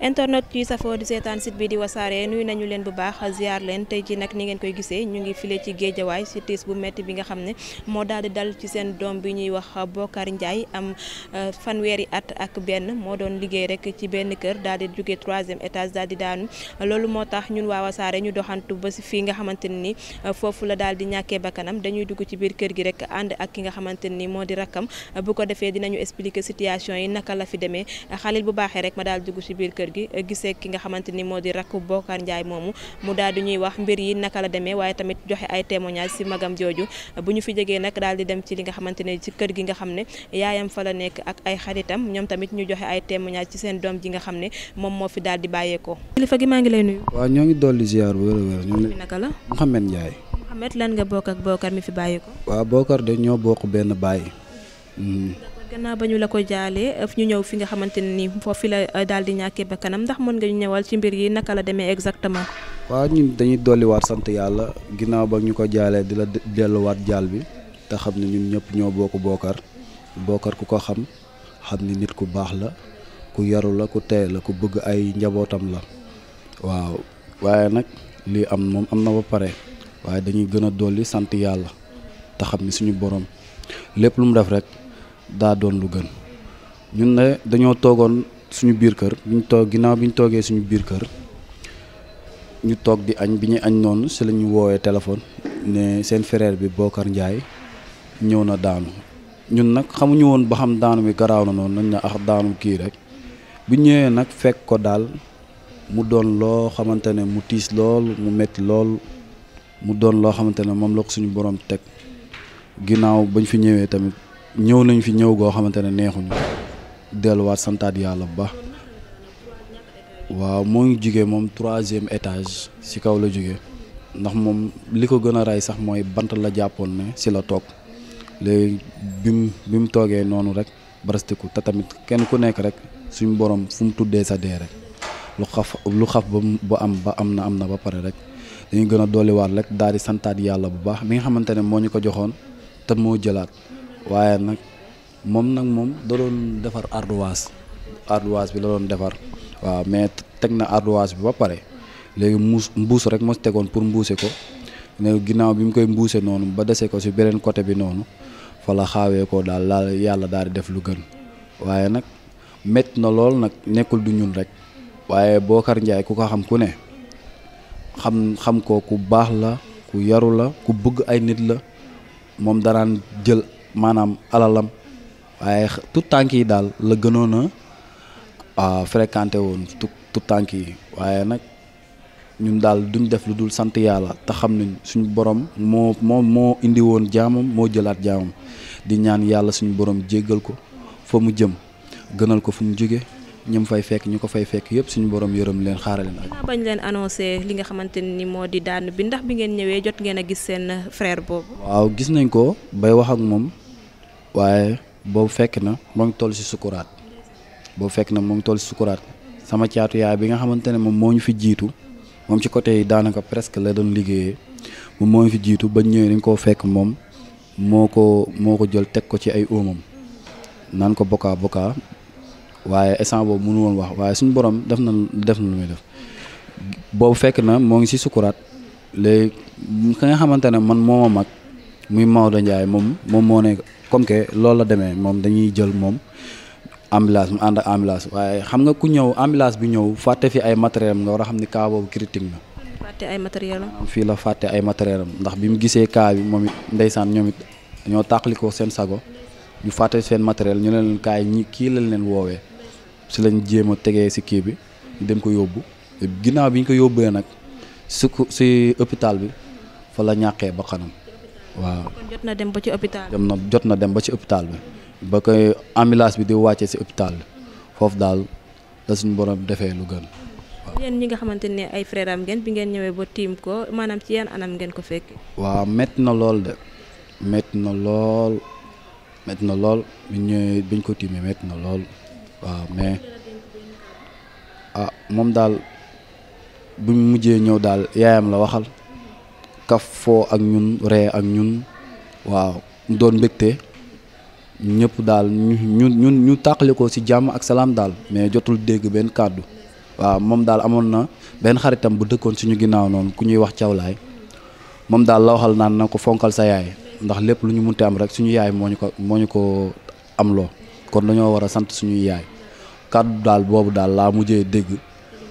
internet yi safoo di seetaan site bi di wasaare nuyu nañu leen bu baax ziar leen tey ji nag ni ngeen koy gisee ñu ngi file ci géejawaay si tiis bu métti bi nga xam ne moo daal di dal ci seen doom bi ñuy wax Bokar njaay am euh, fanweeri at ak benn moo doon liggéey rek ci benn kër daal di jóge troisième étage daal di daanu loolu moo tax ñun waa wasaare ñu doxantu ba si fii nga xamante ne ni euh, foofu la daal di ñàkkee bakkanam dañuy dugg ci biir kër gi rek ànd ak ki nga xamante ne ni moo di rakkam bu ko defee dinañu expliquer situation yi naka la fi demee xalil bu baaxee ma daal dugg ci biir kër kër gi eh, gisee ki nga xamante ni moo di rakk Bokar Ndiaye moomu mu daal di ñuy wax mbir yi naka la demee waaye tamit joxe ay témoignage ci magam jooju eh, bu ñu fi jegee nag daal di dem ci li nga xamante ne ci kër gi nga xam ne yaayam fa la nekk ak ay xaritam ñoom tamit ñu joxe ay témoignage ci seen doom ji nga xam ne moom moo fi daal di bàyyeekoo. kilifa gi maa ngi lay nuyu. waaw ñoo ngi dolli ziar bu wér a wér. naka la Mouhamed Ndiaye. Mouhamed lan nga bokk ak Bokar mi fi bàyyeekoo. waaw Bokar de ñoo bokk benn baay. Mhm. gannaaw ba ñu la ko jaalee ñu ñëw fi nga xamante ne nii foofu la uh, daal di ñàkkee ba kanam ndax mën nga ñëwal ci mbir yi naka la demee exactement. waaw ñun dañuy dolliwaat sant yàlla ginnaaw ba ñu ko jaalee di la delluwaat jaal bi te xam ne ñun ñëpp ñoo bokk bokkar bokkar ku ko xam xam ni nit ku baax la ku yaru la ku tey la ku bëgg ay njabootam la waaw waaye nag lii am moom am na ba pare waaye dañuy gën a dolli sant yàlla te xam ni suñu boroom lépp lu def rek. daa doon lu gën ñun ne dañoo toogoon suñu biir kër bi ñu toog ginnaaw bi ñu toogee suñu biir kër ñu toog di añ bi ñu añ noonu si la woowee téléphone ne seen frère bi Bokar njaay ñëw na daanu ñun nag xamuñu woon ba xam daanu bi garaaw na noonu nañ ne ax ah, daanu kii rek bu ñëwee nag fekk ko daal mu doon loo xamante ne mu tiis lool mu metti lool mu doon loo xamante ne moom la ko suñu boroom teg ginnaaw bañ fi ñëwee tamit ñëw nañ fi ñëw goo xamante ne neexuñu delluwaat santaat yàlla bu baax waaw moo ngi jugee moom troisième étage ci kaw la jugee ndax moom li ko gën a rey sax mooy bant la jàppoon ne ci la toog léegi bi mu toogee noonu rek barastiku te tamit kenn ku nekk rek suñ borom fu tuddee sa dee rek lu xaf lu xaf ba ba am ba am na am na ba pare rek dañu gën a dolliwaat rek daal di santaat yàlla bu baax mi nga xamante ne moo ñu ko joxoon te moo jëlaat waaye nag moom nag moom da doon defar ardoise ardoise bi la doon defar waaw mais teg na ardoise bi ba pare léegi muus mbuus rek moo tegoon pour mbuuse ko ne ginnaaw bi mu koy mbuuse noonu ba desee ko si beneen côté bi noonu fa la xaawee ko daal daal yàlla daal di def lu gën waaye nag métti na lool nag nekkul du ñun rek waaye boo Bocar Ndiaye ku ko xam ku ne xam xam ko ku baax la ku yaru la ku bëgg ay nit la moom daraan jël maanaam alalam waaye tout tànk yi daal la gënoon a fréquenté woon tout tout tànk yi waaye nag ñun daal duñ def lu dul sant yàlla te xam nañ suñu borom moo moom moo indi woon jaamam moo jëlaat jaamam di ñaan yàlla suñu borom jéggal ko fa mu jëm gënal ko fu mu jóge ñoom fay fekk ñu ko fay fekk yëpp suñu borom yërëm leen xaarale xaaral leen ak. bañ leen annoncé li nga xamante ni moo di daan bi ndax bi ngeen ñëwee jot ngeen a gis seen frère boobu. waaw gis nañ ko bay wax ak moom waaye boobu fekk na moo ngi toll si sukuraat boobu fekk na moo ngi toll si sukuraat sama caatu yaay bi nga xamante ne moom moo ñu fi jiitu moom ci côté daanaka presque la doon liggéeyee moom moo ñu fi jiitu ba ñëwee dañ koo fekk moom moo ko moo ko jël teg ko ci ay óomam naan ko bokaa bokaa waaye instant boobu mënu woon wax waaye suñu borom def na def lu muy def boobu fekk moo ngi si sukuraat léegi nga xamante ne man moo mag muy Maodo Ndiaye moom moom moo nekk comme que loolu la demee moom dañuy jël moom ambulance mu ànd ak ambulance waaye xam nga ku ñëw ambulance bi ñëw fàtte fi ay matériel nga war a xam ni cas boobu critique na. fàtte ay am fii la fàtte ay matériel am ndax bi mu gisee cas bi moom it ndeysaan ñoom it ñoo tàqalikoo seen sago ñu fàtte seen matériel ñu leen kaay ñi kii lañ leen woowee si lañ jéem a tegee si kii bi dem ko yóbbu ginnaaw bi ñu ko yóbbee nag si si hôpital bi fa la ñàkkee ba xanam waaw kon jot na dem ba ci hôpital. dem na jot na dem ba ci hôpital bi ba koy ambulance bi di wàccee si hôpital bi foofu daal la suñu borom defee lu gën. yéen ñi nga xamante ne ay frère ngeen bi ngeen ñëwee ba tiim ko maanaam ci yan anam ngeen ko fekk. waaw métti na lool de métti na lool métti na lool bi ñëwee bi ñu ko tiimee métti na lool waaw mais ah moom daal bu mujjee ñëw daal yaayam la waxal. kaf foo ak ñun ree ak ñun waaw doon mbégte ñëpp daal ñu ñu ñu ñu tàqale ko ci jàmm ak salaam daal mais jotul dégg benn kàddu waaw moom daal amoon na benn xaritam bu dëkkoon suñu ginnaaw noonu ku ñuy wax cawlaay moom daal la waxal naan na ko fonkal sa yaay ndax lépp lu ñu munte am rek suñu yaay moo ñu ko moo ñu ko am loo kon dañoo war a sant suñu yaay kàddu daal boobu daal laa mujjee dégg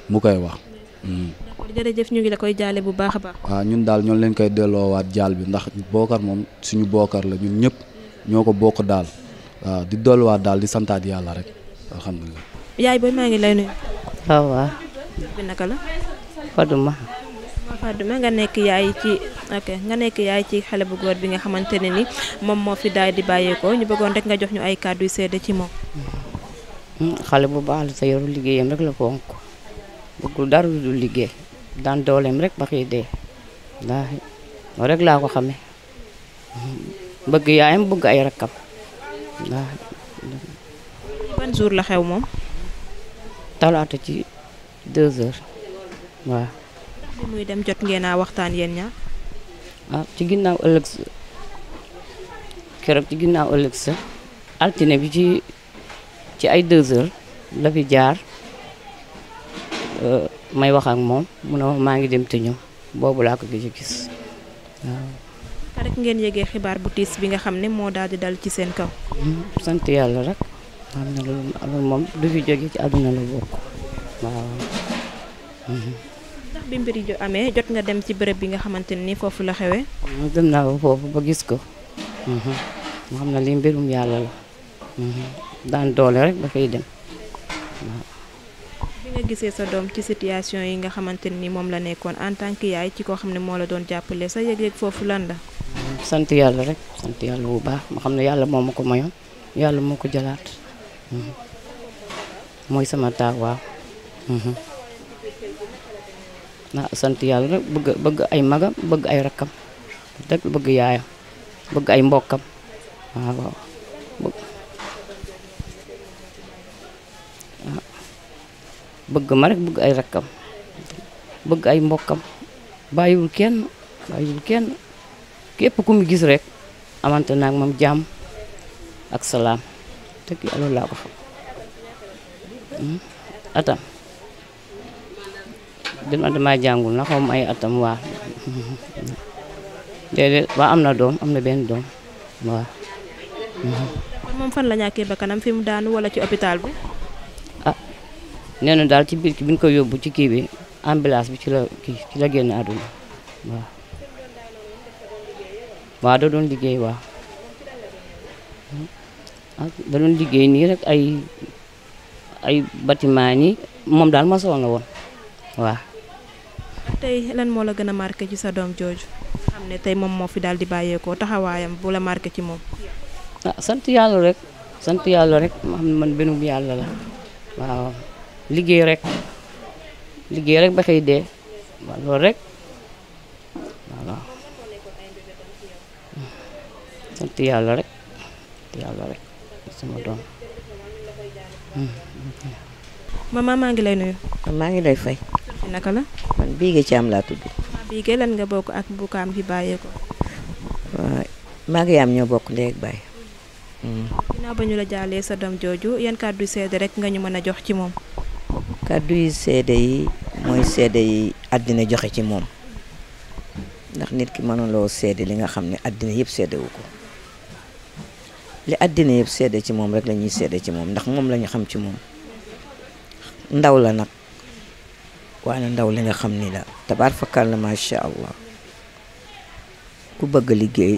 mu koy wax. Hmm. jërëjëf ñu ngi la koy jaale bu baax a baax. waaw ñun daal ñoo leen koy delloowaat jaal bi ndax bookar moom suñu bookar la ñun ñëpp ñoo ko bokk daal waaw di dolliwaat daal di santaat yàlla rek alhamdulilah. yaay booy maa ngi lay nuyu. waaw waaw. bi naka la. nga nekk yaay ci ok nga nekk yaay ci xale bu góor bi nga xamante ne ni moom moo fi daal di bàyyeekoo ñu bëggoon rek nga jox ñu ay kàddu yu seede ci moom. Mm, xale bu baax la sa yoru liggéeyam rek la fonk bëggul dara du liggéey. daan dooleem rek ba xëy de wallaahi rek laa ko xame bëgg yaayam bëgg ay rakkam wallaahi ban jour la xew moom talaata ci deux heures waaw muy dem jot ngeen a waxtaan yéen ñaar ah, ci ginnaaw ëllëg sa keroog ci ginnaaw ëllëg sa altine bi ci ci ay deux heures la fi jaar euh, may wax ak moom mu ne maa ngi dem te ñëw boobu laa ko ci gis waaw. rek ngeen yëgee xibaar bu tiis bi nga xam ne moo daal di dal ci seen kaw. Hmm, sant yàlla rek xam ne loolu moom du fi jóge ci àdduna la bokk waaw. Hmm. ndax bi mbir amee jot nga dem ci bërëb bi nga xamante nii foofu la xewee. Hmm, dem naa ko foofu ba gis ko. mu xam ne li mbirum yàlla la. daan doole rek dafay dem waaw. nga gisee sa doom ci situation yi nga xamante ni moom la nekkoon en tant que yaay ci koo xam ne moo la doon jàppale sa yëg-yëg foofu lan la. sant yàlla rek sant yàlla bu baax ma xam ne yàlla moo ma ko mayoon yàlla moo ko jëlaat mhm. mooy sama taaw waaw. Mhm. sant yàlla rek bëgg ay magam bëgg ay rakkam rek bëgg yaayam bëgg ay mbokkam waaw. bëgg ma rek bëgg ay rakkam bëgg ay mbokkam bàyyiwul kenn bàyyiwul kenn képp ku mu gis rekk amante naag moom jàmm ak salaam tëkk yàlla laa ko fa hmm? atam dama dama jàngul na xaw ma atam waa am na doom am na benn doom waa moom fan la ñàkkee bakkanam fi mu daanu wala ci hôpital bi nee daal ci biir ki bi nga ko yóbbu ci kii bi ambulance bi ci la kii ci génn àdduna waaw waaw da doon liggéey waaw hmm? ah, da doon liggéey nii rek ay ay batiment nii moom daal maçon la woon waaw tey lan moo la gën a marqué ci sa doom jooju xam ne tey moom moo fi daal di bàyyeekoo taxawaayam bu la marqué ci moom ah sant yàlla rek sant yàlla rek ma xam ne man benum yàlla la waaw liggéey rek liggéey rek ba xëy dee waaw loolu rek yàlla rek sant yàlla rek sama doom mama maa ngi lay nuyu ah, maa ngi lay fay naka la man ci am laa tudd Biége lan nga bokk ak Bukaam bi bàyyee ko waaw ah, ngi am ñoo bokk ndey ak bàyyi ba ñu la jaalee sa doom jooju yan kàddu seede rek nga ñu mën a jox ci moom kàddu yi seede yi mooy seede yi àddina joxe ci moom ndax nit ki mënuloo seede li nga xam ne àddina yëpp seede ko li àddina yëpp seede ci moom rek lañuy ñuy ci moom ndax moom la ñu xam ci moom ndaw la nag waane ndaw li nga xam ni la tabaar fakkal la macha allah ku bëgg liggéey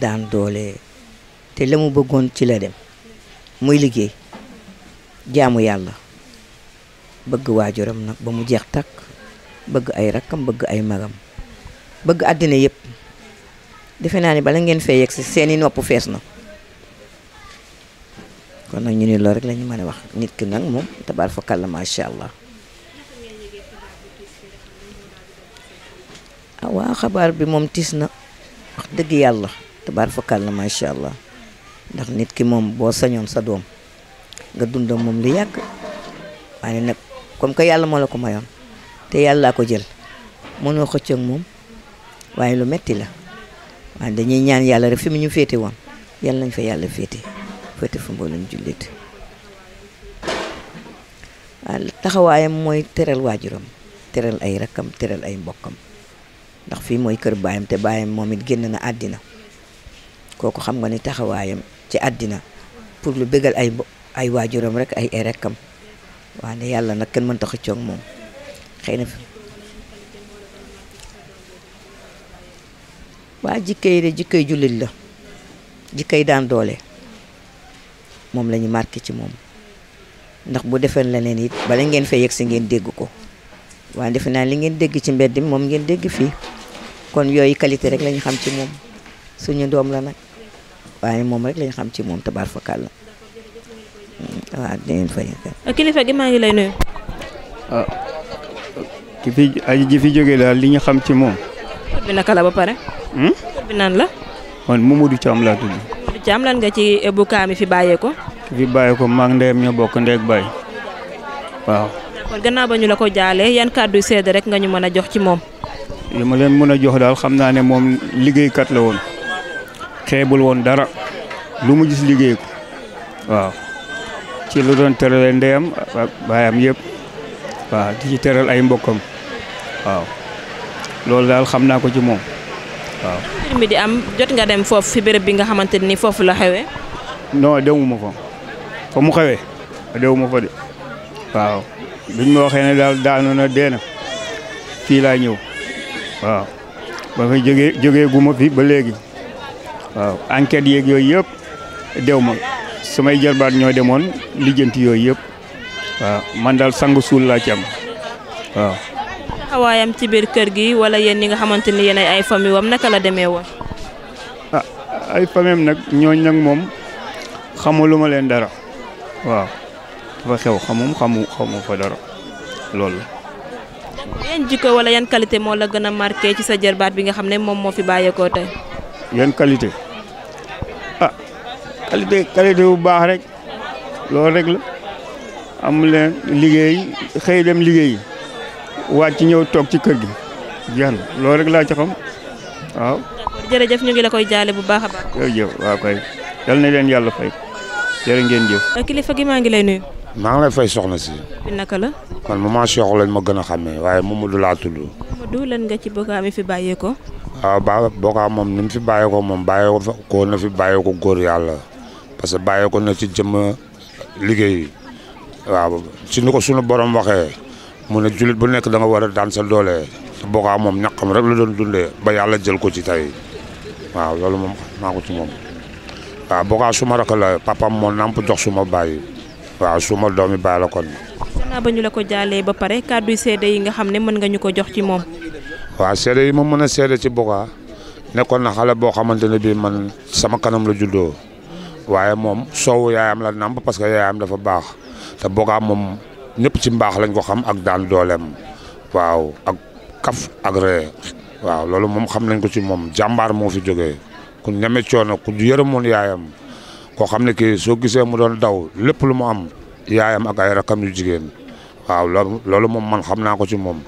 daan doole te la mu bëggoon ci la dem muy liggéey jaamu yàlla bëgg waajuram nag ba mu jeex takk bëgg ay rakkam bëgg ay magam bëgg àddina yépp defe naa ni bala ngeen fee yegg si seeni nopp fees na kon nag ñu ni loolu rek lañu ñu mën wax nit ki nag moom tabaar fakàlla macha allah ah xabaar bi moom tiis na wax dëgg yàlla tabaar fakàlla macha allah ndax nit ki moom boo sañoon sa doom nga dundam moom lu yàgg waaye nag comme que yàlla moo la ko mayoon te yàlla laa ko jël mënoo xëcc moom waaye lu metti la waaye dañuy ñaan yàlla rek fi mu ñu féete woon yàlla nañ fa yàlla féete féete fa mboolem jullit taxawaayam mooy teral waajuram teral ay rakkam teral ay mbokkam ndax fii mooy kër baayam te baayam moom it génn na àddina kooku xam nga ni taxawaayam ci àddina pour lu bégal ay ay waajuram rek ay ay waa ne yàlla nag kenn mënta xëccoog moom xëy na waa jikko yi de jikko yi jullit la jikko yi daan doole moom lañuy ñu ci moom ndax bu defeen la leen it bala ngeen fee yegg si ngeen dégg ko waa defe naa li ngeen dégg ci mbedd mi moom ngeen dégg fii kon yooyu qualité rek lañu xam ci moom suñu doom la nag waaye moom rek lañu xam ci moom tabaar fakàl la waaw ah, kilifa gi maa ngi lay nuyu. ah ki daal li ñu xam ci moom. tur bi naka la ba pare. Hmm? nan la. man Momadou Thiam laa tudd. Momadou Thiam lan nga ci eh, bu kaami fi bàyyee ki fi bàyyee ko maag bokk ndeeg bàyyi waaw. kon gannaaw ba ñu la ko jaalee yan kàddu yu sedd rek nga ñu mën a jox ci moom. li ma leen mën a jox daal xam naa ne moom liggéeykat la woon xeebul woon dara lu mu gis liggéey ko waaw. ci lu doon tërale ndeyam baayam yëpp waaw di ci tëral ay mbokkam waaw loolu daal xam naa ko ci moom waaw. mbir mi jot nga dem foofu fi béréb bi nga xamante ni foofu la xewee. non dewuma fa fa mu xewee dewuma fa de waaw biñ ma ne daal daanu na dee na fii laa ñëw waaw ba fa jógee guma fi ba léegi waaw enquête yeeg yooyu yëpp dew ma. samay jarbaat ñoo demoon lijjanti yooyu yëpp man daal sangu suul laa ci am waaw. taxawaayam ci biir kër gi wala yéen ñi nga xamante ni yéen ay famille wam naka la demee woon. ah ay famille nag ñooñ nag moom xamaluma leen dara waaw dafa xew xamum xamu xamu fa dara loolu la. jikko wala yan qualité moo la gën a marqué ci sa jarbaat bi nga xam ne moom moo fi bàyyeekoo tey. yan qualité. qualité qualité bu baax rek loolu rek la am liggéey xëy dem liggéey ci ñëw toog ci kër gi jeex na loolu rek laa ci xam waaw. d'accord jërëjëf ñu ngi la koy jaale bu baax a baax. jërëjëf waa kay yal na leen yàlla fay jërë ngeen jëf. Euh, kilifa gi maa ngi lay nuyu. maa ngi lay fay soxna si. naka la. man maman Cheikh lañ ma gën a xàmmee waaye Mamadou laa tudd. Mamadou lan nga ci bokkaam yi fi bàyyeekoo. waaw ah, ba bokkaam moom ni mu fi bàyyeekoo moom bàyyeekoo ko na fi góor yàlla. parce que bàyyee ko na ci jëmm liggéey waaw ci ni ko sunu borom waxee mu ne jullit bu nekk da war a daan sa doole bokaa moom xam rek la doon dundee ba yàlla jël ko ci tey waaw loolu moom naa ko ci moom waaw bokaa suma rakk la papam moo namp jox suma bàyyi waaw suma doomi bàyyi la kon naa ba ñu la ko jaalee ba pare kàddu seede yi nga xam ne mën nga ñu ko jox ci moom waaw seede yi ma mën a seede ci bokaa nekkoon na xale boo xamante ne bii man sama kanam la juddoo waaye moom soowu yaayam la nàmp parce que yaayam dafa baax te Boga moom ñëpp ci mbaax lañ ko xam ak daan dooleem waaw ak kaf ak ree waaw loolu moom xam nañ ko ci moom jàmbaar moo fi jógee ku ñeme coono ku yërëmoon yaayam koo xam ne kii soo gisee mu doon daw lépp lu mu am yaayam ak ay rakam yu jigéen waaw loolu moom man xam naa ko ci moom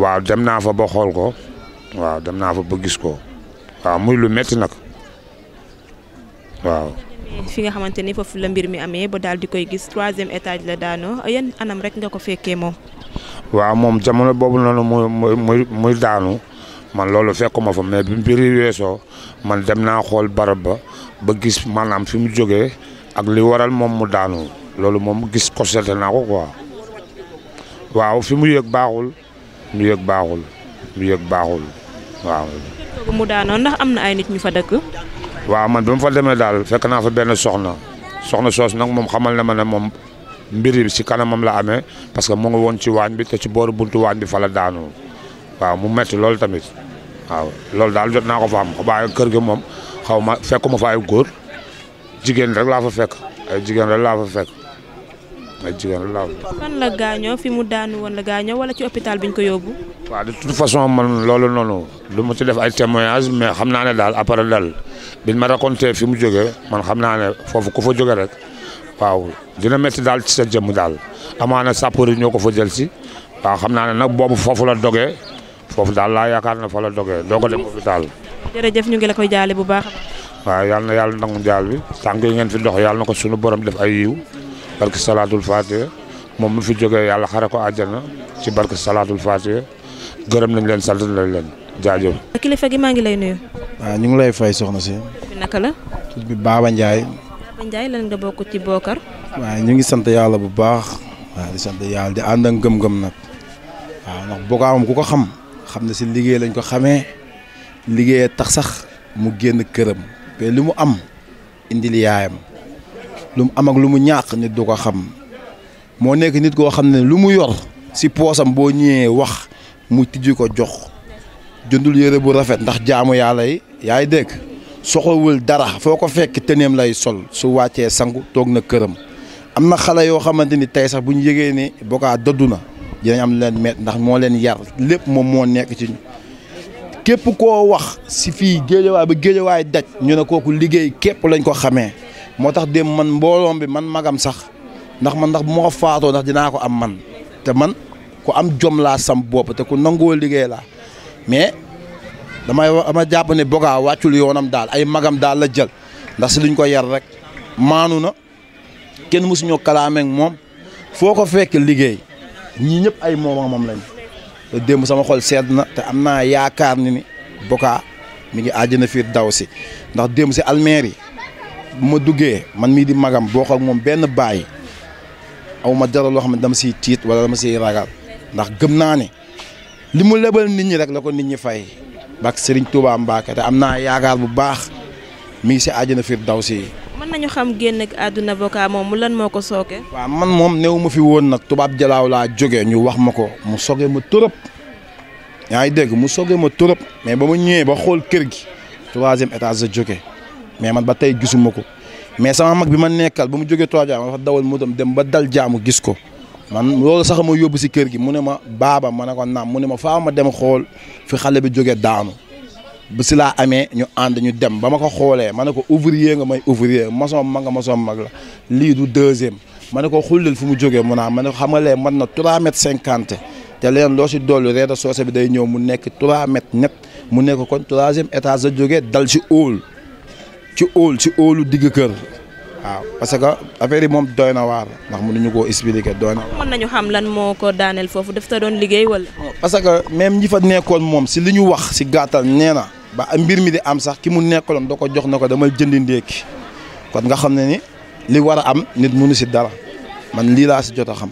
waaw dem naa fa ba xool ko waaw dem naa fa ba gis ko waaw muy lu metti nag waaw. fi nga xamante ni foofu la mbir mi amee ba daal di koy gis troisième étage la daanoo yan anam rek nga ko fekkee moom. waaw moom jamono boobu noonu muy muy muy daanu man loolu fekkuma fa mais bi mbir yi weesoo man dem naa xool barab ba ba gis maanaam fi mu jógee ak li waral moom mu daanoo loolu moom gis constaté naa ko quoi waaw fi mu yëg baaxul mu yëg baaxul mu yëg baaxul waaw. mu daanoo ndax am na ay nit ñu fa dëkk. waaw man ba mu fa demee daal fekk naa fa benn soxna soxna soos nag moom xamal na ma ne moom mbir yi si kanamam la amee parce que mu ngi woon ci waañ bi te ci booru buntu waañ bi fa la daanu waaw mu metti loolu tamit waaw loolu daal jot naa ko fa am waaye kër gi moom xaw ma fekkuma fa ay góor jigéen rek laa fa fekk ay jigéen rek laa fa fekk. ay jigéen laaw. fan la gaañoo fi mu daanu woon la gaañoo wala ci hôpital bi ñu ko yóbbu. waaw de toute façon man loolu noonu lu ma ci def ay témoignage mais xam naa ne daal après daal biñ ma raconté fi mu jógee man xam naa ne foofu ku fa jógee rek waaw dina métti daal ci sa jëmm daal amaana na yi ñoo ko fa jël si waaw xam naa ne nag boobu foofu la dogee foofu daal laa yaakaar na fa la dogee doo ko dem hôpital. jërëjëf ñu ngi la koy jaale bu baax. waaw yal na yàlla nangu jaal bi na ko sunu borom def barke salaatul moom mu fi jógee yàlla xare ko àjjana ci barke salaatul fatiha gërëm nañ leen sant nañ leen jaajëf. kilifa gi maa ngi lay nuyu. waaw ñu ngi lay fay soxna si. bi naka la. tur bi Baba Ndiaye. Baba Ndiaye lan nga bokk ci bookar. waaw ñu ngi sant yàlla bu baax. waaw di sant yàlla di ànd ak gëm-gëm nag. waaw ndax bokkaamam ku ko xam. xam ne si liggéey lañ ko xamee. liggéeyee tax sax mu génn këram. te li mu am indil yaayam. lu mu am ak lu mu ñàkk nit du ko xam moo nekk nit koo xam ne lu mu yor si poosam boo ñëwee wax mu tijji ko jox jëndul yére bu rafet ndax jaamu yàlla yi yaay dégg soxlawul dara foo ko fekk tëneem lay sol su wàccee sangu toog na këram am na xale yoo xamante ni tey sax bu ñu yëgee ne bokaa doddu na dinañ am leen met ndax moo leen yar lépp moom moo nekk ci ñu képp koo wax si fii géejawaay ba géejawaay daj ñu ne kooku liggéey képp lañ ko xamee moo tax démb man mbooloom bi man magam sax ndax man ndax bu ma ko faatoo ndax dinaa ko am man te man ku am jom laa sam bopp te ku nangoo liggéey laa mais damay dama jàpp ne Boga wàccul yoonam daal ay magam daal la jël ndax si luñ ko yar rek maanu na kenn mësuñoo kalaameeg moom foo ko fekk liggéey ñii ñëpp ay moom moom lañ te sama xol sedd na te am naa yaakaar ni ni Boga mi ngi àjjana fiir daw si ndax démb si almeer yi bu ma duggee man mii di magam boo ko moom benn baay aw ma dara loo xam ne dama si tiit wala dama siy ragal ndax gëm naa ne li mu lebal nit ñi rek la ko nit ñi fay bak Serigne Touba Mbacke te am naa yaakaar bu baax mi ngi si daw firdawsi. mën nañu xam génn ak àdduna avocat moom lan moo ko sooke. waa man moom néew ma fi woon nag tubaab jalaaw laa jógee ñu wax ma ko mu soogee ma torop yaa ngi dégg mu soogee ma torop mais ba ma ñëwee ba xool kër gi troisième étage la jógee. mais man ba tey gisuma ko mais sama mag bi ma nekkal ba mu jógee Touadja ma dafa dawal motom dem ba dal jaamu gis ko man loolu sax ma yóbbu si kër gi mu ne ma baaba ma ne ko naam mu ne ma faaw ma dem xool fi xale bi jógee daanu ba si laa amee ñu ànd ñu dem ba ma ko xoolee ma ne ko ouvrier nga may ouvrier maçon mag nga maçon mag la lii du deuxième ma ne ko xullil fu mu jógee mu naa ma ne ko man na trois mètres te leen loo si dolli reeda soose bi day ñëw mu nekk trois mètres net mu nekk kon troisième étage la jógee dal si óol ci óol si óolu digg kër waaw parce que affaire yi moom doy na waar ndax mënuñu koo expliquer doy na. mën nañu xam lan moo ko daaneel foofu daf doon liggéey wala. parce que même ñi nekkoon moom si li ñu wax si gàttal nee na ba mbir mi di am sax ki mu nekkaloon da ko jox na ko damay jëndi ndékki kon nga xam ne ni li war a am nit mënu si dara man lii laa si jot a xam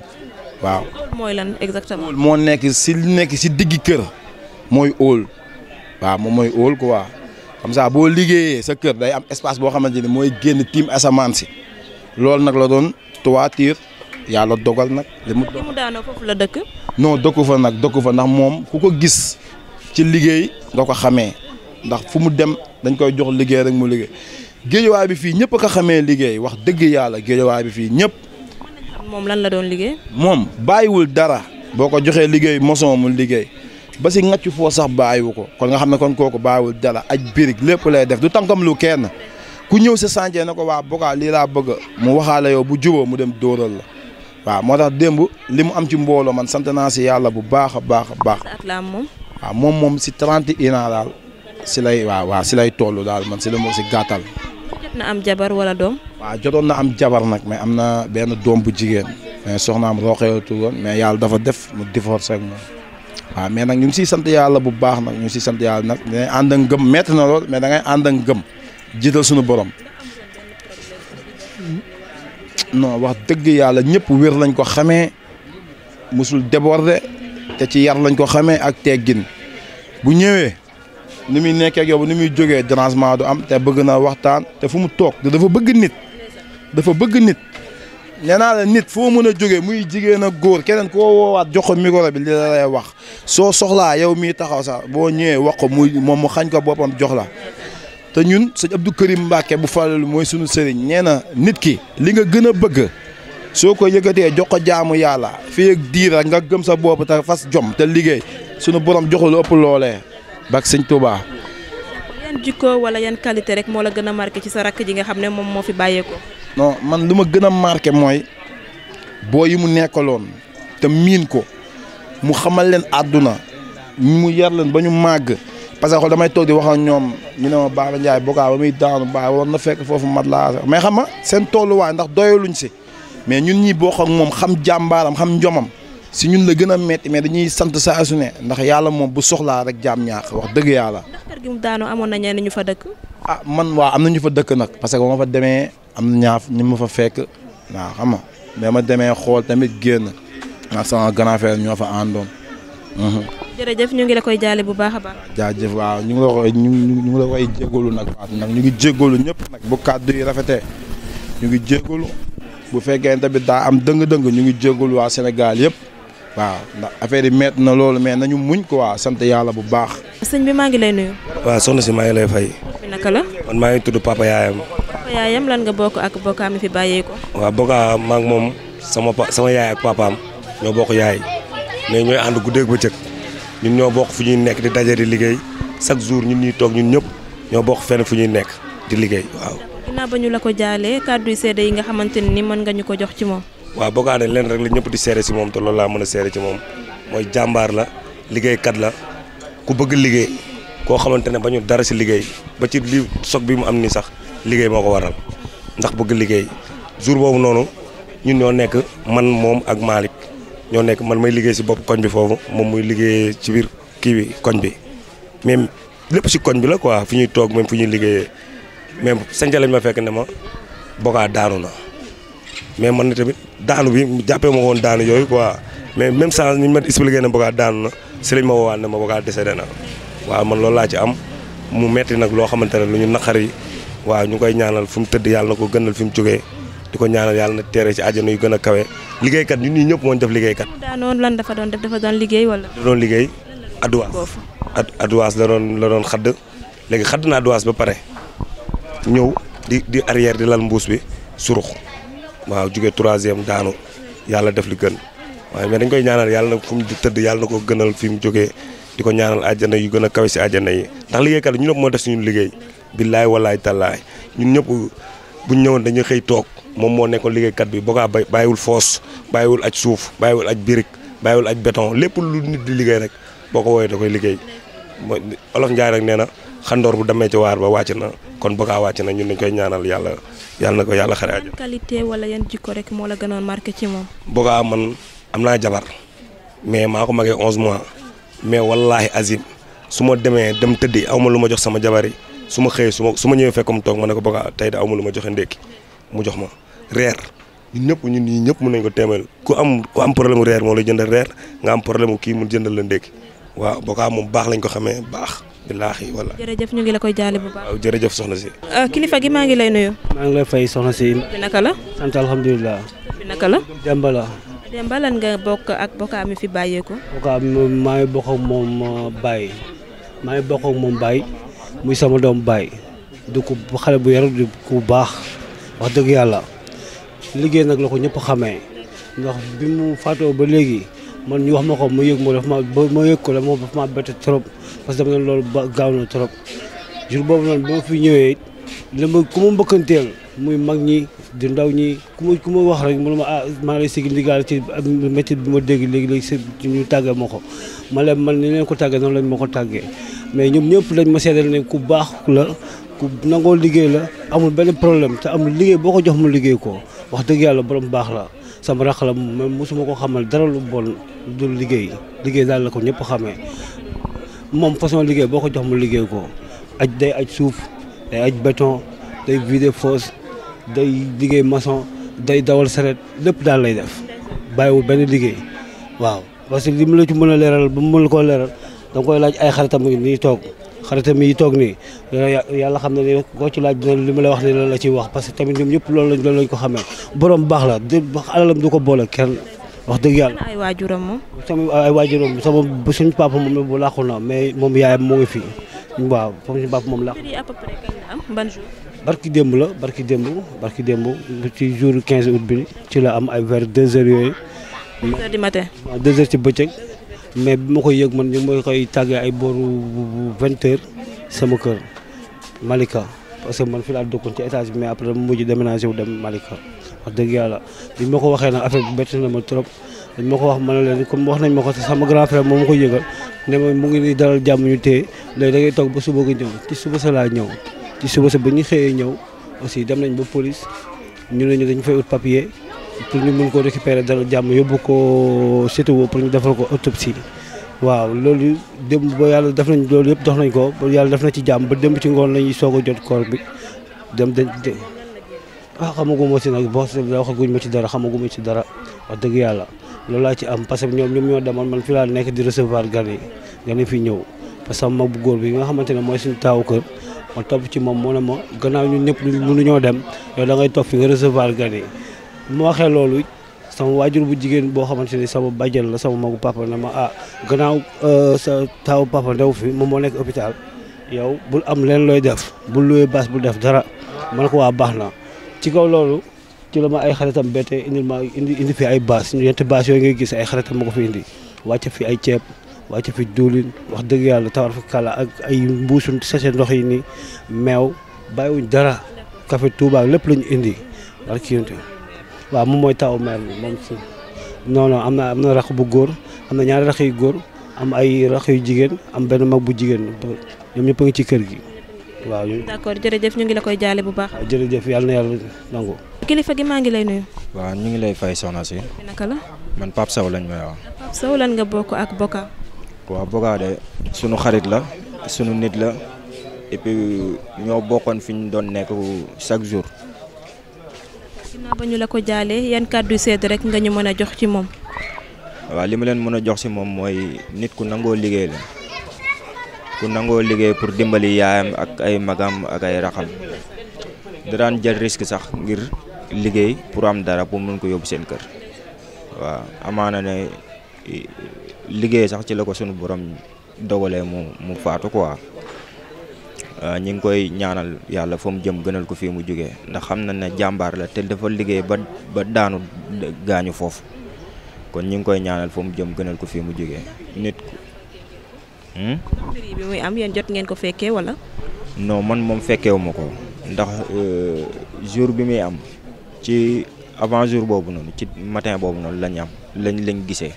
waaw. mooy lan exactement. moo nekk si nekk si digg kër mooy óol waaw moom mooy óol quoi. comme ça boo liggéeyee sa kër day am espace boo xamante ni mooy génn tiim asamaan si loolu nag la doon toiture yàlla dogal nag. li mu daanoo foofu la dëkk. non dëkku fa nag dëkku fa ndax moom ku ko gis ci liggéey nga ko xamee ndax fu mu dem dañ koy jox liggéey rek mu liggéey géejawaay bi fii ñëpp a ko xamee liggéey wax dëgg yàlla géejawaay bi fii ñëpp. moom lañ la doon liggéey. moom bàyyiwul dara. boo ko joxee liggéey moson mu liggéey ba si ngacc foo sax bàyyiwu ko kon nga xam ne kon kooku bàyyiwul dala aj birig lépp lay def du tànkam lu kenn ku ñëw si chantier na ko waa Boka lii laa bëgg mu waxaale yow bu juboo mu dem dóoral la waaw moo tax démb li mu am ci mbooloo man sant naa si yàlla bu baax a baax a baax. moom moom si trente et un daal si lay waaw waaw si lay toll daal man si la moo si gàttal. jot na am jabar wala jotoon na am jabar nag mais am na benn doom bu jigéen mais soxnaam roxeetu woon mais yàlla dafa def mu divorce ak moom. waaw mais nag ñu ngi siy sant yàlla bu baax nag ñu ngi siy sant yàlla nag dinañ ànd ak gëm métti na lool mais da ngay ànd ak gëm jiital suñu borom no wax dëgg yàlla ñëpp wér lañ ko xamee musul déborder te ci yar lañ ko xamee ak teggin bu ñëwee ni muy nekkee ak yow ni muy jógee dérangement du am te bëgg na waxtaan te fu mu toog dafa bëgg nit dafa bëgg nit nee la nit foo mën a jóge muy jigéen ak góor keneen koo woowaat jox ko bi li la lay wax soo soxlaa yow mii taxaw sax boo ñëwee wax ko muy moom mu xañ ko boppam jox la te ñun sëñ Abdou Karim Mbacke bu fàllalu mooy sunu sëriñ nee na nit ki li nga gën a bëgg soo ko yëkkatee jox ko jaamu yàlla fii ak diir nga gëm sa bopp te fas jom te liggéey sunu borom jox lu ëpp loolee bak sëñ yan jikko wala yan qualité rek moo la gën a marqué ci sa rakk ji nga xam ne moom moo fi bàyyeekoo. non man lu ma gën a marqué mooy boo yi mu nekkaloon te miin ko mu xamal leen àdduna mu yar leen ba ñu màgg parce que damay toog di wax ñoom ñu ne ma Baba Ndiaye Boka ba muy daanu Ba war na fekk foofu mat laa mais xam nga seen tolluwaay ndax doyaluñ si mais ñun ñii boo ak moom xam jàmbaaram xam njomam si ñun la gën a metti mais dañuy sant saa asune ndax yàlla moom bu soxlaa rek jaam ñaax wax dëgg yàlla. gi mu daanoo amoon na ñenn ñu fa dëkk. ah man waa am na ñu fa dëkk nag parce que ba ma fa demee am na ñaar ñu ma fa fekk waaw xam nga mais ma demee xool tamit génn ak sama grand frère ñoo fa àndoon. Mhm. jërëjëf ñu ngi la koy jaale bu baax a baax. jaajëf waaw ñu ngi la koy ñu ngi la koy jégalu nag nag ñu ngi jégalu ñëpp nag bu kàddu yi rafete ñu ngi jégalu bu fekkee tamit daa am dëng-dëng ñu ngi jégalu waa Sénégal yëpp. waaw ndax affaire yi métti na loolu mais nañu muñ quoi sant yàlla bu baax. sëñ bi maa ngi lay nuyu. waaw soxna si maa ngi lay fay. naka la. man maa ngi tudd papa yaayam. papa yaayam lan nga bokk ak bokkaam fi bàyyee ko. waaw bokkaam maa ngi moom sama pa yaay ak papaam ñoo bokk yaay mais ñooy ànd guddeeg bëccëg ñun ñoo bokk fu ñuy nekk di daje di liggéey chaque jour ñun ñuy toog ñun ñëpp ñoo bokk fenn fu ñuy nekk di liggéey waaw. ginnaaw ba ñu la ko jaalee kàddu seede ko jox ci waaw Bogaane leen rek la ñëpp di seere si moom te loolu laa mën a seere ci moom mooy jàmbaar la liggéeykat la ku bëgg liggéey koo xamante ne bañu dara si liggéey ba ci li soog bi mu am nii sax liggéey moo ko waral ndax bëgg liggéey jour boobu noonu ñun ñoo nekk man moom ak Malick ñoo nekk man may liggéey si bopp koñ bi foofu moom muy liggéey ci biir kii bi koñ bi même lépp si koñ bi la quoi fu ñuy toog même fu ñuy liggéeyee mais sanca lañ ma fekk ne ma Boga daanu na mais man na tamit daanu bi jàppee ma woon daanu yooyu waa mais même sens ni ma expliqué ne Boga daanu na si lañ ma woowaat ne ma Boga décédé na waaw man loolu laa ci am mu metti nag loo xamante ne lu ñu yi waaw ñu koy ñaanal fu mu tëdd yàlla na ko gënal fi mu jógee di ko ñaanal yàlla na teere ci àjjana yu gën a kawe liggéeykat ñun ñii ñëpp moo ñu def liggéeykat. daanoon lan dafa doon def dafa doon liggéey wala. da doon liggéey adduwaas adduwaas la doon la doon xadd léegi xadd na adduwaas ba pare ñëw di di arrière di lal mbuus bi surux waaw jugee troisième daanu yàlla def li gën waaye mais dañ koy ñaanal yàlla na fu mu tëdd yàlla na ko gënal fi mu jógee di ko ñaanal àjjana yu gën a kawe si àjjana yi ndax liggéeykat ñu ñëpp moo def ñu liggéey billaay walaay tàllaay ñun ñëpp buñ ñëwoon dañuy xëy toog moom moo nekkoon kat bi boo ko bàyyiwul foos bàyyiwul aj suuf bàyyiwul aj birik bàyyiwul aj beton lépp lu nit di liggéey rek boo ko woowee da koy liggéey olof Njaay rek nee na xandoor bu demee ci waar ba wàcc na kon bëggaa wàcc na ñun dañ koy ñaanal yàlla yàlla na ko yàlla xare àjjana. qualité wala yan jikko rek moo la gënoon marqué ci moom. bëggaa man am naa jabar mais maa ko magee 11 mois mais wallaahi azim su ma demee dem tëddi aw ma lu ma jox sama jabar yi su ma xëyee su ma su ma ñëwee fekkum toog ma ne ko bëggaa tey de aw ma lu ma joxe ndékki mu jox ma reer. ñun ñëpp ñun ñëpp mën nañ ko téeméer ku am ku am problème mu reer moo lay jëndal reer nga am problème mu kii mu jëndal la ndékki waaw boo ko am moom baax lañ ko xamee baax. billaahi wala. jërëjëf ñu ngi la koy jaale bu baax. waaw jërëjëf soxna si. Euh, kilifa gi maa ngi lay nuyu. maa ngi lay fay soxna si. bi naka la. sant alhamdulilah. bi naka la. Demba la. Demba lan nga bokk ak bokkaa mi fi bàyyeeku. bokkaa maa ngi bokk ak moom euh, Baye maa ngi bokk ak moom Baye muy sama doom Baye du ko xale bu yaru du ku baax wax dëgg yàlla liggéey nag la ko ñëpp xamee ndax bi mu faatoo ba léegi. man ñu wax ma ko mu yëg ma dafa ma ma yëg ko la moom dafa ma bett trop parce que dama ne loolu ba gaaw na trop jour boobu noonu ba ma fi ñëwee la ma ku ma mbëkkanteel muy mag ñi di ndaw ñi ku ma ku ma wax rek mënuma ah maa ngi lay sigi ndigaal ci métier ma dégg léegi léegi si ñu tàggee ma ko ma leen man ni leen ko tàggee noonu lañ ma ko tàggee mais ñoom ñëpp lañ ma seedal ne ku baax la ku nangoo liggéey la amul benn problème te amul liggéey boo ko jox mu liggéey ko wax dëgg yàlla borom baax la sama rax la même mosuma ko xamal dara lu bon dul liggéey liggéey daal la ko ñëpp xamee moom façon liggéey boo ko jox mu liggéey ko aj day aj suuf day aj béton day vider fos day liggéey maçon day dawal saret lépp daal lay def bàyyiwul benn liggéey waaw parce que li mu la ci mën a leeral ba mu mën koo leeral danga koy laaj ay xaritam ngi nii toog xaritam yi toog nii yàlla xam ne ni koo ci laaj dina li ma la wax ni la ciy wax parce que tamit ñoom ñëpp loolu lañ loolu lañ ko xamee borom baax la di alalam du ko boole kenn wax dëgg yàlla ay moom sama ay waajuram sama suñu papa moom bu làqu mais moom yaayam moo ngi fi waaw suñu papa moom làqu barki demb la barki démb barki démb ci jour quinze août bi ci la am ay vers 2 heures yooyu 2 heures ci bëccëg mais bi ma koy yëg man ñu ngi koy tàggee ay booru vingt heures sama kër Malika parce que man fi laa dëkkoon ci étage bi mais après dama wu dem Malika wax yàlla bi ma ko waxee nag affaire bi bett na ma trop dañ ma ko wax ma ne leen comme wax nañ ma ko sama grand frère moom ma ko yëgal ne ma mu ngi nii dalal jàmm ñu téye léegi da ngay toog ba suba nga ñëw ci suba sa laa ñëw ci suba sa ba ñu xëyee ñëw aussi dem nañ ba police ñu ne ñu dañ fay ut papier. pour ñu mun ko récupérer dara jàmm yóbbu ko CTO pour ñu defal ko autopsie waaw loolu démb ba yàlla def nañ loolu yëpp dox nañ ko ba yàlla def na ci jàmm ba démb ci ngoon lañuy soog a jot koor bi dem dañ ah xamaguma si nag boo xam ne waxaguñ ma ci dara xamaguma ci dara wax dëgg yàlla loolu laa ci am parce que ñoom ñoom ñoo demoon man fi laa nekk di recevoir gan yi gan yi fi ñëw parce que mag bu góor bi nga xamante ne mooy suñu taawu kër ma topp ci moom moo ne ma gannaaw ñun ñëpp mënuñoo dem yow da ngay toog fi nga recevoir gan yi ma waxee loolu sama waajur bu jigéen boo xamante ni sama bàjjen la sama magu papa ne ma ah gannaaw euh, sa taawu papa ndew fi moom moo nekk hôpital yow bul am leen looy def bul luwee baas bu def dara man ko waa baax na ci kaw loolu ci la ma ay xaritam bette indil ma indi indi fi ay baas ñetti baas yooyu ngay gis ay xaritam ma ko fi indi wàcc fi ay ceeb wàcc fi diwlin wax dëgg yàlla tawar fi kala ak ay mbuusu sachet ndox yi nii meew bàyyiwuñ dara café Touba lépp lañu indi ndax waaw moom mooy taw mère bi moom si non am na am na rax bu góor am na ñaari rax yu góor am ay rax yu jigéen am benn mag bu jigéen ñoom ñëpp ngi ci kër gi waaw. d'accord jërëjëf ñu ngi la koy jaale bu baax. jërëjëf yàlla na yàlla nangu. kilifa gi maa ngi lay nuyu. waaw ñu ngi lay fay soxna si. naka la. man Pape Sow lañ may wax. Pape Sow lan nga bokk ak bokka waaw Boka de sunu xarit la sunu nit la et ñoo bokkoon fi ñu doon nekk chaque jour. ginnaaw ba ñu la ko jaalee yan kàddu sedd rek nga ñu mën a jox ci moom. waaw li ma leen mën a jox ci moom mooy nit ku nangoo liggéey la ku nangoo liggéey pour dimbali yaayam ak ay magam ak ay raxam da daan jël risque sax ngir liggéey pour am dara pour mën ko yóbbu seen kër waaw amaana ne liggéey sax ci la ko sunu borom dogalee mu mu faatu quoi. Euh, ñi ngi koy ñaanal yàlla fa mu jëm gënal ko fii mu jógee ndax xam na ne jàmbaar la te dafa liggéey ba ba daanu gaañu foofu kon ñi ngi koy ñaanal fa mu jëm gënal ko fii mu jóge nit hmm? bi muy am yéen jot ngeen ko fekkee wala. non man moom fekkeewu ko ndax euh, jour bi muy am ci avant jour boobu noonu ci matin boobu noonu lañ am lañ lañ gisee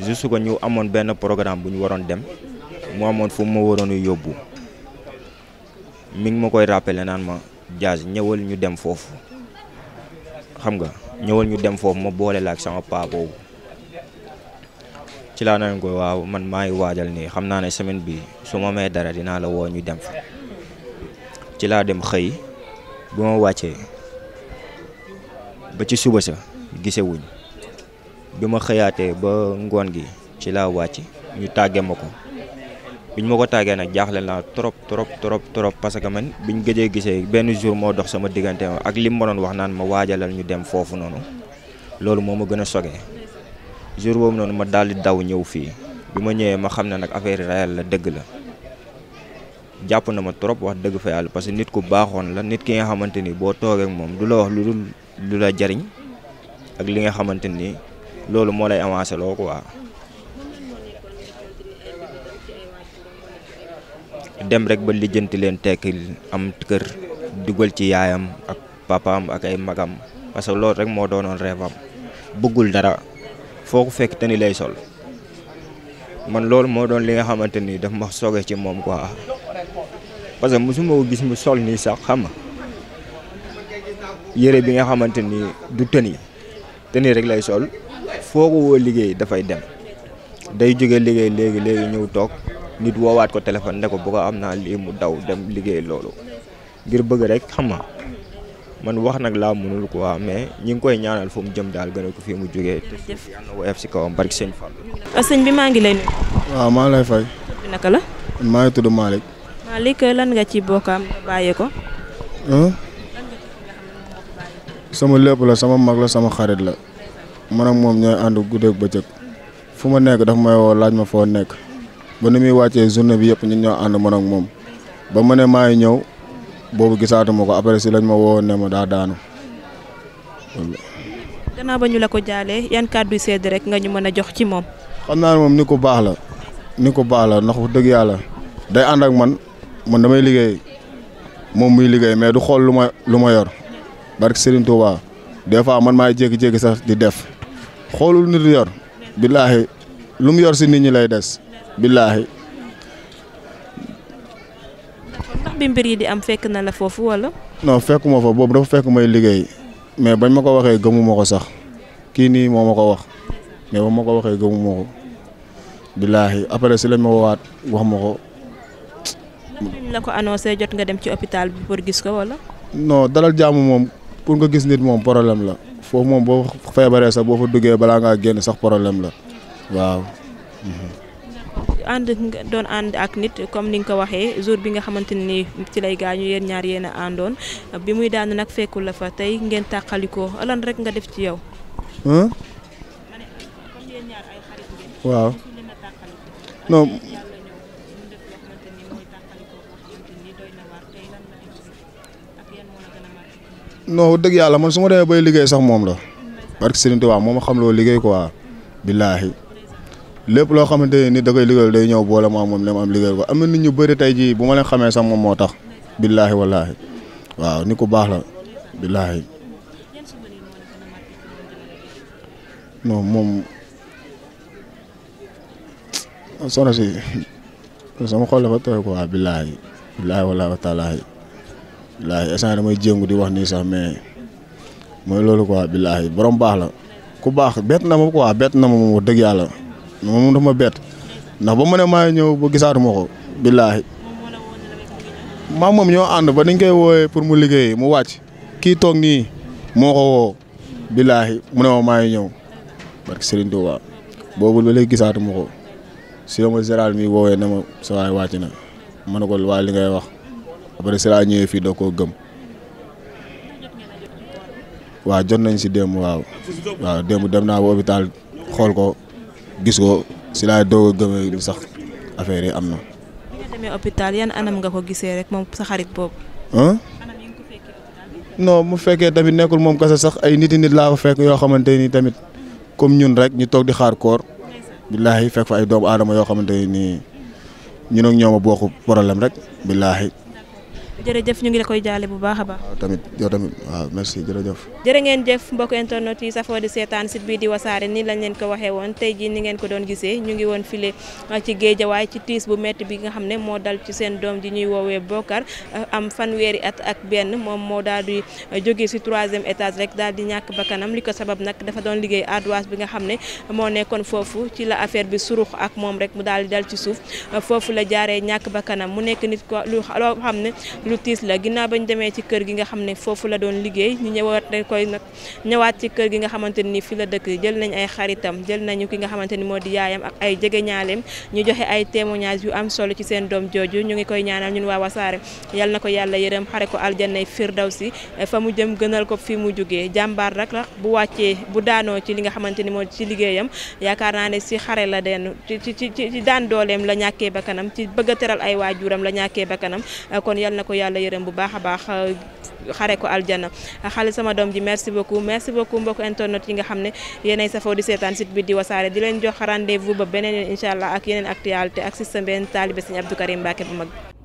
juste ko ñu amoon benn programme bu ñu waroon dem mu amoon fu ma waroon yóbbu. mi ngi ma koy rappelé naan ma jaas ñëwal ñu dem foofu xam nga ñëwal ñu dem foofu ma boole la ak sama paa boobu ci laa nañ ko waaw man maa ngi waajal nii xam naa ne semaine bi su ma may dara dinaa la woo ñu dem fa ci laa dem xëy bu ma wàccee ba ci suba sa gisewuñ bi ma xëyaatee ba ngoon gi ci laa wàcc ñu tàgge ma ko ñu ma ko tàggee nag jaaxle naa trop trop trop trop parce que man biñ gëjee gisee benn jour moo dox sama diggante ak lim ma doon wax naan ma waajalal ñu dem foofu noonu loolu moo ma gën a sogee jour boobu noonu ma daal di daw ñëw fii bi ma ñëwee ma xam ne nag affaire réelle la dëgg la jàpp na ma trop wax dëgg fa yàlla parce que nit ku baaxoon la nit ki nga xamante ni boo toogee moom du la wax lu dul lu la jariñ ak li nga xamante ni loolu moo lay avancé loo quoi. dem rek ba lijjanti leen tekkil am kër dugal ci yaayam ak papaam ak ay magam parce que loolu rek moo doonoon rêve am bëggul dara foo ko fekk te ni lay sol man loolu moo doon li nga xamante ni daf ma soge ci moom quoi parce que mosuma ko gis mu sol nii sax xam yére bi nga xamante ni du tëni tëni rek lay sol foo ko woo liggéey dafay dem day jóge liggéey léegi léegi ñëw toog nit woowaat ko téléphone ne ko bu ko am naa lii mu daw dem liggéey loolu ngir bëgg rek xam nga man wax nag laa mënul quoi mais ñi ngi koy ñaanal fu mu jëm daal gën ko fii mu jógee. jërëjëf yàlla na woyof si kawam barki sëñ Fall. Ah, bi maa ngi lay nuyu. waaw maa lay fay. la. maa ngi tudd Malick. Malick lan nga ci bokkaam nga bàyyee ko. sama lépp la sama mag la sama xarit la man ak moom ñooy ànd guddeeg bëccëg fu ma nekk daf may woo laaj ma foo nekk. ba ni muy wàccee journée bi yëpp ñun ñoo ànd man ak moom ba mu ne maay ñëw boobu gisaatuma ko après si lañ ma woo ne ma daa daanu. gannaaw ba ñu la ko jaalee yan kàddu sedd rek nga ñu mën a jox ci moom. xam naa ne moom ni ko baax la ni ko baax la ndax wax dëgg yàlla day ànd ak man man damay liggéey moom muy liggéey mais du xool lu ma lu ma yor barke Serigne Touba des fois man maay jékki jéeki sax di def xoolul nit yor billaahi lu mu yor si nit ñi lay des. billaahi. d'accord ndax bi mbir yi di am fekk na la foofu wala. non fekkuma fa boobu dafa fekk may liggéey mais bañ ma ko waxee gëmuma ko sax kii nii moo ma ko wax mais ba ma ko waxee gëmuma ko billaahi après si lañ ma woowaat wax ma ko. ñu la ko jot nga dem ci hôpital bi pour gis ko wala. non dalal jàmm moom pour nga gis nit moom problème la foofu moom boo feebaree sax boo fa duggee balaa ngaa génn sax problème la waaw. Mhm. ànd doon ànd ak nit comme ni nga ko waxee jour bi nga xamante ni ci lay gaañu yéen ñaar yéen a bi muy daanu nag fekkul la fa tey ngeen tàqalikoo lan rek nga def ci yow. waaw non dëgg yàlla man su ma demee bay liggéey sax moom la parce que Serigne Touba moo ma xam loo liggéey quoi billaahi lépp loo xamante ni da koy day ñëw boole ma moom dama am liggéeyal ko am na nit ñu bëri tey jii bu ma leen xamee sax moom moo tax. billaahi wallaahi waaw ni ku baax la billaahi non moom soxna si sama xol dafa tooy ko waaw billaahi billaahi wallaahi wa taalaahi billaahi instant damay jéngu di wax nii sax mais mooy loolu quoi billaahi borom baax la ku baax bett na ma quoi bett na ma moom dëgg yàlla. moom dafa ma bett ndax ba mu ne maa ñëw ba gisaatuma ko billaahi maa moom ñoo ànd ba dañ koy woowee pour mu liggéey mu wàcc kii toog nii moo ko woo billaahi mu ne ma maa ñëw barke Serigne Touba boobu ba léegi gisaatuma ko si la ma général mi woowee na ma sa waay wàcc na ma ne ko waa li ngay wax après si laa ñëwee fii da ko gëm waaw jot nañ si démb waaw waaw dem naa ba hôpital xool ko gis ko si laa doog a gëm sax affaire yi am na. bi nga nga ko gisee rek sa xarit boobu. non mu fekkee tamit nekkul moom kese sax ay nit i nit laa fa fekk yoo xamante nii tamit comme ñun rek ñu toog di xaar koor billaahi fekk fa ay doomu aadama yoo xamante nii ñun ak ñoom a bokk rek billaahi jërëjëf ñu ngi la koy jaale bu baax a baax. waaw tamit yow tamit waaw jërë ngeen jëf mbokk internet yi safoo di seetaan site bii di wasaare ni lañ leen ko waxee woon tey jii ni ngeen ko doon gisee ñu ngi woon file ah, ci géejawaay ci tiis bu métti bi nga xam ne moo dal ci seen doom ji ñuy woowee Bokar ah, am fanweeri at ak benn moom moo daal di ah, jóge si troisième étage rek daal di ñàkk bakkanam li ko sabab nag dafa doon liggéey adouas bi nga xam ne moo nekkoon foofu ci la affaire bi surux ak moom rek mu daal di dal ci suuf foofu la jaaree ñàkk bakkanam mu nekk nit ko lu xam ne lu tiis la ginnaaw bañ ci kër gi nga xam ne foofu la doon liggéey ñu ñëwaat da koy nag ñëwaat ci kër gi nga xamante ni fi la dëkk jël nañ ay xaritam jël nañu ki nga xamante ni moo di yaayam ak ay ñaaleem ñu joxe ay témoignage yu am solo ci seen doom jooju ñu ngi koy ñaanal ñun waa wasaare yal na ko yàlla yërëm xare ko aljanna firdawsi fa mu jëm gënal ko fi mu jógee jàmbaar rek rek bu wàccee bu daanoo ci li nga xamante ni moo ci liggéeyam yaakaar naa ne si xare la den ci ci ci daan dooleem la ñàkkee bakkanam ci bëgg a ay waajuram la ñàkkee bakkanam yàlla yërëm bu baax a baax euh, xare ko aljana xale sama doom ji merci beaucoup merci beaucoup mbokk internet yi nga xam ne yéenay safoo di seetaan site bi di wasaare di leen jox rendez-vous ba beneen yoon incha allah ak yeneen actualité ak système beneen taalibe sëñ Abdou Karim Mbacke bu mag